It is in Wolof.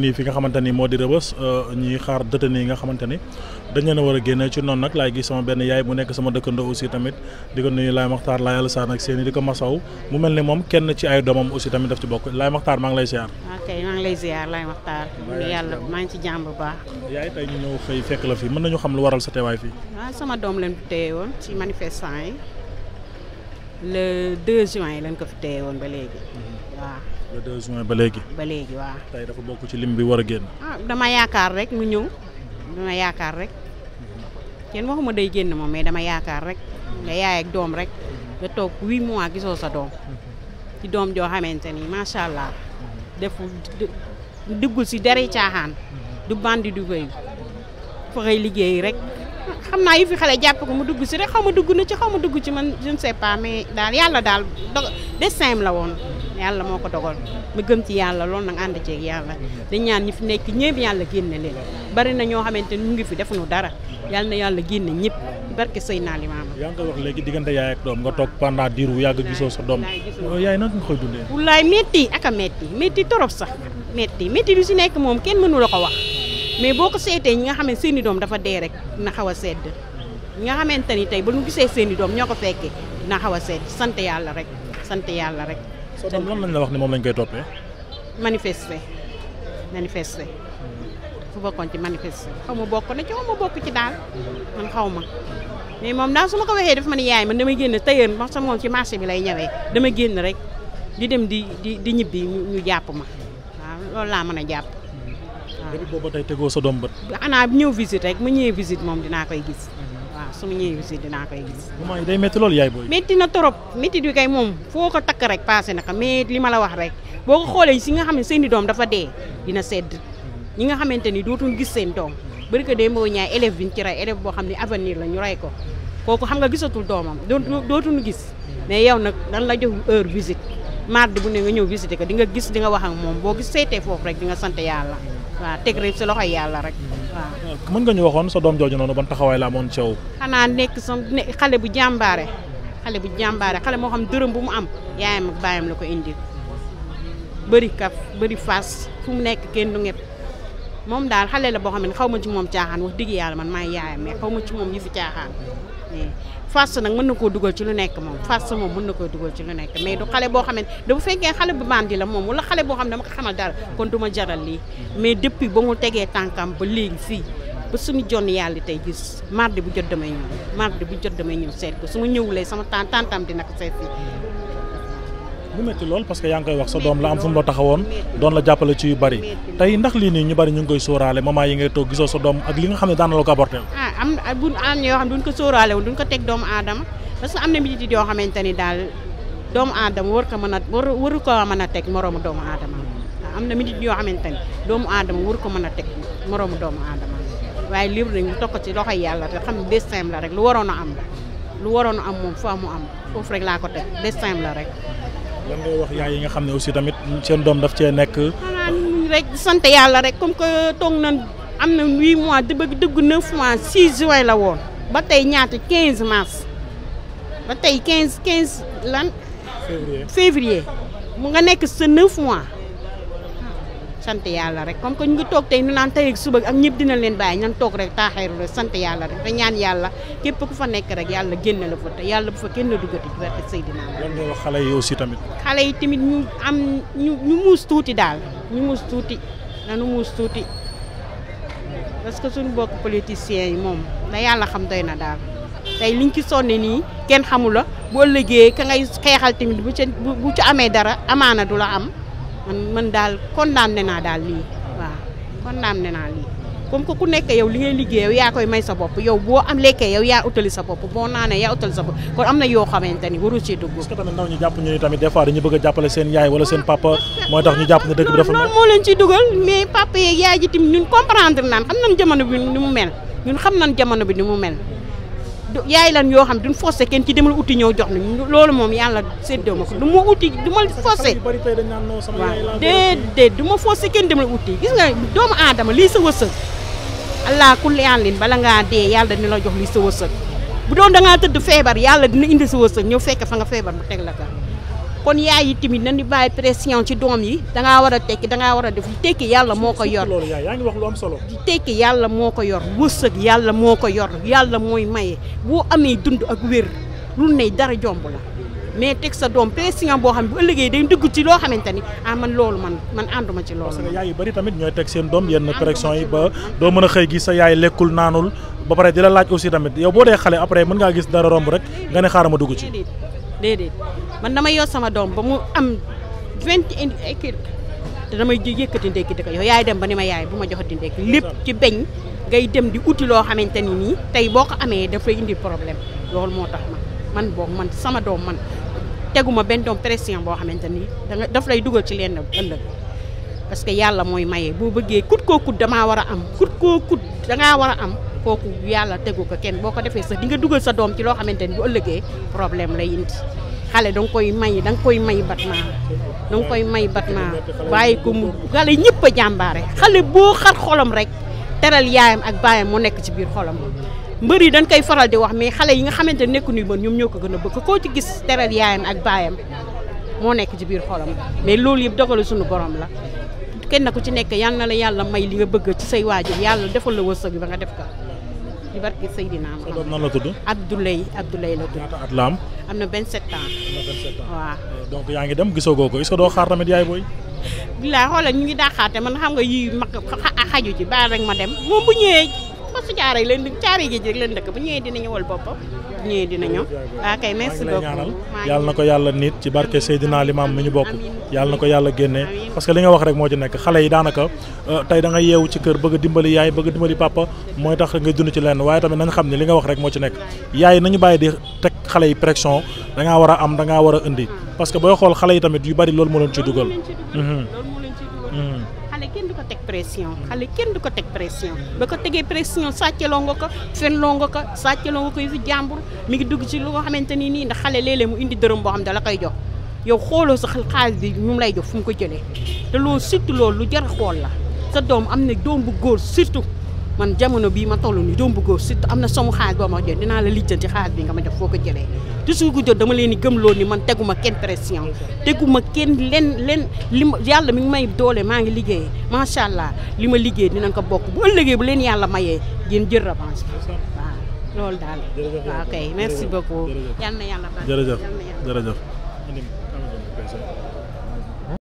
nii fi nga xamante moo di rëbës euh, ñuy xaar détenu yi nga xamante ni dañ leen a war a génne ci noonu nag laay gis sama benn yaay bu nekk sama dëkkandoo aussi tamit di ko nuyu Laay Maxtaar Laay Alassane ak seen i di ko masaw mu mel ni moom kenn ci ay doomam aussi tamit daf ci bokk Laay Maxtaar maa ngi lay ziar. ok maa ngi lay ziar Laay Maxtaar. yàlla maa ngi ci jàmm bu baax. yaay tey ñu ñëw fekk la fi mën nañu xam lu waral sa teewaay fii. waaw ah, sama doom lañ fi téye ko fi téye woon ba léegi mhm. le ba léegi. ba léegi waaw. tey dafa bokk ci lim bi war a génn. ah dama yaakaar rek mu ñëw dama yaakaar rek kenn waxuma day génn moom mais dama yaakaar rek nga yaay ak doom rek nga toog 8 mois gisoo sa doom ci doom joo xamante ni macha allah defu diggul si dara caaxaan du bàndi du béy fa liggéey rek. xam naa yu fi xale jàpp ko mu dugg si rek xaw ma dugg na ci xaw ma dugg ci man je ne pas mais daal yàlla daal destin la woon. yàlla moo ko dogal ma gëm ci yàlla lool nag ànd ceeg yàlla di ñaan ñi fi nekk ñëpp yàlla génne leen bari na ñoo xamante ni ñu ngi fi defuñu dara yàlla na yàlla génne ñëpp barke sëy naa limaama yaa ngi wax léegi diggante yaay ak doom nga toog pendant diir bu yàgg gisoo sa doom yaay nag nga koy dundee wallaay métti ak a métti métti torop sax métti métti du si nekk moom kenn mënu la ko wax mais boo ko seetee ñi nga xam ne seen doom dafa dee rek na xaw a sedd ñi nga xamante ni tey ba ñu gisee seen i doom ñoo ko fekkee na xaw a sedd sant yàlla rek sant yàlla rek soo doon lan lañ la wax ne moom lañ koy toppee. manifester manifester. fu bokkoon ci manifester xaw ma bokk na ci xaw ma bokk ci daal man xaw ma mais moom daal su ma ko waxee dafa ma ne yaay man damay génn tëyër ma sa moom ci marché bi lay ñëwee dama génn rek di dem di di di ñibbi ñu jàpp ma waaw loolu laa mën a jàpp. waaw boobu tey tegoo sa doom bët. xanaa ñëw visite rek mu ñëwee visite moom dinaa koy gis. waaw su ma ñëwee aussi dinaa koy gis. maman yi day métti loolu yaay booy. métti na trop métti bi kay moom foo ko takk rek passé na ko mais li ma la wax rek boo ko xoolee si nga xam ne seen i doom dafa dee dina sedd ñi nga xamante ni dootuñ gis seen doom bari ko dee moo ñaay élève bi ñu ci rey élève boo xam ne avenir la ñu rey ko kooku xam nga gisatul doomam dootuñu gis mais yow nag dan la jox heure visite mardi bu ne nga ñëw visiter ko di nga gis di nga wax ak moom boo gis seetee foofu rek di nga sant yàlla waaw teg rek si loxoy yàlla rek. waaw mën nga ñu waxoon sa doom jooju noonu ban taxawaay la amoon ci xanaa nekk sa xale bu jàmbaare xale bu jàmbaare xale moo xam dërëm bu mu am yaayam ak baayam la ko indil bëri kaf bëri fas fu mu nekk kenn du ngepp moom daal xale la boo xam ne xaw ma ci moom caaxaan wax dëgg yàlla man maay yaayam mais xaw ma ci moom yi fi caaxaan. fas nag mën na koo dugal ci lu nekk moom fas moom mën na koo dugal ci lu nekk mais du xale boo xam ne da bu fekkee xale bu bandi la moom wala xale boo xam ne dama ko xamal dara kon du ma jaral lii mais depuis ba mu tegee tànkam ba léegi fii ba suñu jonn yàlla tey gis mardi bu jot damay ñëw mardi bu jot damay ñëw seet ko su ma ñëwulee sama tan tantam dina ko seet fii mu métti lool parce que yaa ngi koy wax sa doom la am fu mu la taxawoon doon la ne daan na la ko apporté ah am bu am yoo war ko mën a a teg moroomu doomu aadama ah, am na midi yoo xamante ni doomu aadama waru ko mën a teg moroomu doomu aadama waaye libre nañ mu ko ci loxoy yàlla te xam destin la rek lu waroon a am la lu waroon a am moom am foofu rek laa ko teg destin la rek lan ngay wax yaay yi nga xam ne aussi tamit seen doom daf cee nekk. rek sant yàlla rek comme que toog na am na huit mois di bëgg dëgg neuf mois six juin la woon ba tey ñaata quinze mars ba tey quinze quinze lan. février février mu nga nekk sa neuf mois. sant yàlla rek comme que ñu ngi toog tey ñu naan tey suba ak ñëpp dina leen bàyyi nan toog rek taaxeeru rek sant yàlla rek te ñaan yàlla képp ku fa nekk rek yàlla génn la fa te yàlla bu fa kenn duggati ci werte Seydina lan nga wax xale yi aussi tamit ñu am ñu ñu muus tuuti daal ñu muus tuuti nanu muus tuuti parce que suñu bokk politiciens yi moom da yàlla xam doy na daal tey liñ ci sonne nii kenn xamula boo liggéey ka ngay xeexal tamit bu ca bu ci amee dara amaana du la am man man daal condamné naa daal lii waaw condamné naa lii comme que ku nekk yow li ngay liggéey yow yaa koy may sa bopp yow boo am lekkee yow yaa utali sa bopp boo naanee yaa utali sa bopp kon am na yoo xamante ni warul ci dugg. est-ce que tamit jàpp ñu ni tamit des jàppale seen yaay wala seen papa mooy tax ñu jàpp ne dëkk bi dafa mel. loolu moo leen ci dugal mais papa yaay ji tamit ñun comprendre naan xam nañ jamono bi ni mu mel ñun xam nan jamono bi ni mu mel. yaay lan yoo xam duñ forcé kenn ci demal uti ñëw jox nañu loolu moom yàlla séddoo ma ko du ma uti du ma forcé waaw déedéet du ma forcé kenn demal uti gis nga doomu aadama lii sa wërsëg allah kulli àllin bala ngaa dee yàlla dina la jox lii sa wërsëg bu doon da ngaa tëdd feebar yàlla dina indi sa wërsëg ñëw fekk fa nga feebar mu teg la ka kon yaay yi tamit ni bàyyi pression ci doom yi dangaa war a tekki dangaa war a def tekki yàlla moo ko yor loolu yaa ngi wax lu solo tekki yàlla moo ko yor wërsëg yàlla moo ko yor yàlla mooy maye boo amee dund ak wér lu ne dara jomb la mais teg sa doom pression boo xam ne bu ëllëgee day dugg ci loo xamante ni ah man loolu man man ànduma ci loolu. parce que yaay yu bari tamit ñooy teg seen doom yenn pression yi ba doo mën a xëy gi sa yaay lekkul naanul ba pare di la laaj aussi tamit yow boo dee xale après mën ngaa gis dara romb rek nga ne ma dugg ci. déedéet man damay yor sama doom ba mu am vingt et un te damay yëkkati ndekki di ko yow yaay dem ba ni ma yaay bu ma joxati ndekki lépp ci beñ ngay dem di uti loo xamante ni nii tey boo ko amee dafay indi problème loolu moo tax ma man boog man sama doom man teguma benn doom pression boo xamante ni danga daf lay dugal ci lenn ëllëg parce que yàlla mooy maye boo bëggee kut koo kut damaa war a am kut koo kut dangaa war a am kooku yàlla tegu ko kenn boo ko defee sax di nga dugal sa doom ci loo xamante ni bu ëllëgee problème lay indi xale danga koy may danga koy may batmaa danga koy may batmaa bàyyi ko mu xale ñëpp a jàmbaare xale boo xar xolam rek teral yaayam ak baayam mu nekk ci biir xolam mbër yi dañ koy faral di wax mais xale yi nga xamante nekku nekkuñu mbër ñoom ñoo ko gën a bëgg koo ci gis teral yaayam ak baayam moo nekk ci biir xolam mais loolu yëpp dogalu suñu borom la kenn ku ci nekk yal na la yàlla may li nga bëgg ci say waajur yàlla defal la wërsëg ba nga def ko di barke Seydina Muhammad. sa doom nan la tudd. Abdoulaye Abdoulaye la tudd. ñaata at la am. am na 27 ans. am na 27 ans waaw. Euh, donc yaa ngi dem gisagoo ko est-ce que doo xaar tamit yaay booy. bilaay xoolal ñu ngi daa xaate man xam nga yii mag xaju ci baal rek ma dem moom bu ñëwee. parce que caare yi leen di caare géej rek leen dëkk bu ñëwee dina ñëwal boppam bu ñëwee dina waa ah, kay merci beaucoup yàlla na ko yàlla nit ci barke Seydina Limaam mi ñu bokk yàlla na ko yàlla génne parce que li nga wax rek moo ci nekk xale yi daanaka euh, tey danga nga yeewu ci kër bëgg dimbali yaay bëgg a dimbali papa mooy tax ngay dund ci lenn waaye tamit nañ xam ne li nga wax rek moo ci nekk yaay nañu bàyyi di teg xale yi pression dangaa war a am dangaa war a indi parce que booy xool xale yi tamit yu bari loolu moo leen ci dugal. Mhm. Mhm. xale kenn du ko teg pression xale kenn du ko teg pression ba ko tegee pression sàccaloo nga ko fenloo nga ko sàccaloo nga ko yu fi jàmbur mi ngi dugg ci lu nga xamante ni nii ndax xale léeg-léeg mu indi dërëm boo xam dala koy jox yow xooloo sa xaalis bi ñu lay jox fu mu ko jëlee te loolu surtout loolu lu jar xool la sa doom am na doom bu góor surtout. man jamono bii ma toll nii doom bu góor surtout am na sama xaaj boo ma jël dinaa la lijjanti xaaj bi nga ma jox foo ko jëlee toujours gu jot dama leen di gëmloo ni man teguma kenn pression teguma kenn leen leen li ma yàlla mi ngi may doole maa ngi liggéey macha allah li ma liggéey dinañ ko bokk bu ëllëgee bu leen yàlla mayee ngeen jël revanche loolu daal waaw merci beaucoup yal yàlla baax jërëjëf